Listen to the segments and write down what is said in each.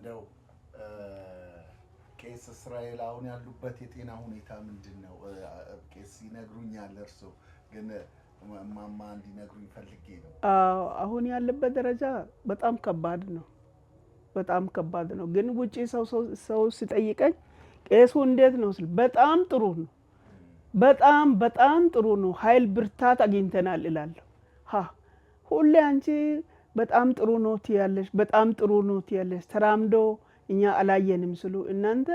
እንደው ቄስ እስራኤል አሁን ያሉበት የጤና ሁኔታ ምንድን ነው? ቄስ ይነግሩኛል፣ እርሶ ግን እማማ እንዲነግሩኝ ፈልጌ ነው። አሁን ያለበት ደረጃ በጣም ከባድ ነው፣ በጣም ከባድ ነው። ግን ውጪ ሰው ሰው ሲጠይቀኝ ቄሱ እንዴት ነው ስል በጣም ጥሩ ነው፣ በጣም በጣም ጥሩ ነው፣ ኃይል ብርታት አግኝተናል እላለሁ። ሁሌ አንቺ በጣም ጥሩ ኖት ያለሽ፣ በጣም ጥሩ ኖት ያለሽ ተራምዶ እኛ አላየንም ስሉ እናንተ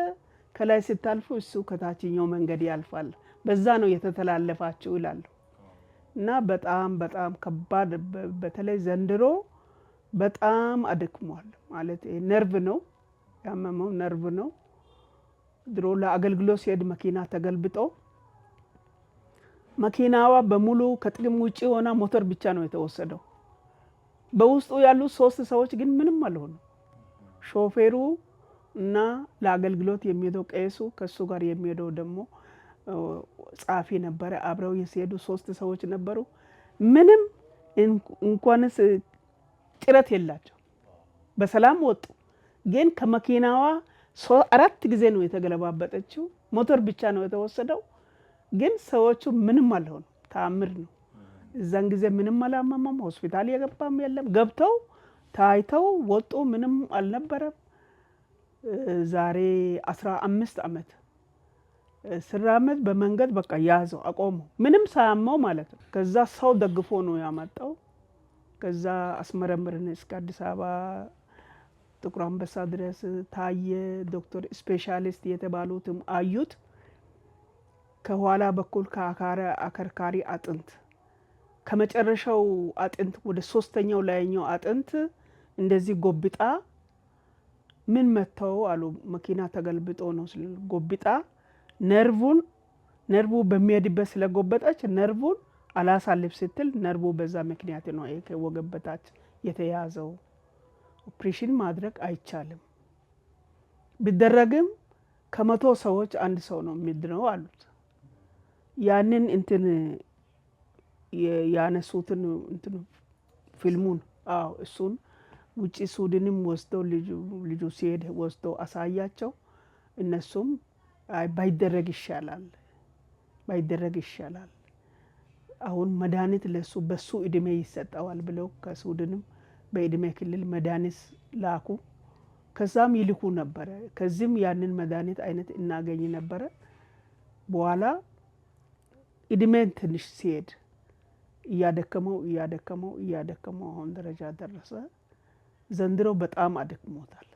ከላይ ስታልፉ እሱ ከታችኛው መንገድ ያልፋል፣ በዛ ነው የተተላለፋችሁ ይላሉ። እና በጣም በጣም ከባድ በተለይ ዘንድሮ በጣም አደክሟል። ማለት ነርቭ ነው ያመመው፣ ነርቭ ነው። ድሮ ለአገልግሎት ሲሄድ መኪና ተገልብጦ መኪናዋ በሙሉ ከጥቅም ውጭ ሆና ሞተር ብቻ ነው የተወሰደው። በውስጡ ያሉ ሶስት ሰዎች ግን ምንም አልሆኑ። ሾፌሩ እና ለአገልግሎት የሚሄደው ቄሱ፣ ከእሱ ጋር የሚሄደው ደግሞ ጻፊ ነበረ። አብረው የሲሄዱ ሶስት ሰዎች ነበሩ። ምንም እንኳንስ ጭረት የላቸው በሰላም ወጡ። ግን ከመኪናዋ አራት ጊዜ ነው የተገለባበጠችው። ሞተር ብቻ ነው የተወሰደው። ግን ሰዎቹ ምንም አልሆኑ። ተአምር ነው። እዛን ጊዜ ምንም አላመመም። ሆስፒታል የገባም የለም። ገብተው ታይተው ወጡ። ምንም አልነበረም። ዛሬ አስራ አምስት ዓመት አመት በመንገድ በቃ ያዘው አቆመው። ምንም ሳያመው ማለት ነው። ከዛ ሰው ደግፎ ነው ያመጣው። ከዛ አስመረምርን እስከ አዲስ አበባ ጥቁር አንበሳ ድረስ ታየ። ዶክተር ስፔሻሊስት የተባሉትም አዩት። ከኋላ በኩል አከርካሪ አጥንት ከመጨረሻው አጥንት ወደ ሶስተኛው ላይኛው አጥንት እንደዚህ ጎብጣ ምን መታው አሉ። መኪና ተገልብጦ ነው ስለ ጎብጣ ነርቡን ነርቡ በሚሄድበት ስለጎበጠች ነርቡን አላሳልፍ ስትል ነርቡ በዛ ምክንያት ነው ወገብ በታች የተያዘው። ኦፕሬሽን ማድረግ አይቻልም፣ ቢደረግም ከመቶ ሰዎች አንድ ሰው ነው የሚድነው አሉት። ያንን እንትን ያነሱትን እንትኑ ፊልሙን አዎ እሱን ውጭ ሱድንም ወስደው ልጁ ሲሄድ ወስደው አሳያቸው። እነሱም ባይደረግ ይሻላል ባይደረግ ይሻላል፣ አሁን መድኃኒት ለሱ በሱ እድሜ ይሰጠዋል ብለው ከሱድንም በእድሜ ክልል መድኃኒት ላኩ። ከዛም ይልኩ ነበረ። ከዚህም ያንን መድኃኒት አይነት እናገኝ ነበረ። በኋላ እድሜን ትንሽ ሲሄድ እያደከመው እያደከመው እያደከመው አሁን ደረጃ ደረሰ። ዘንድሮ በጣም አደክሞታል።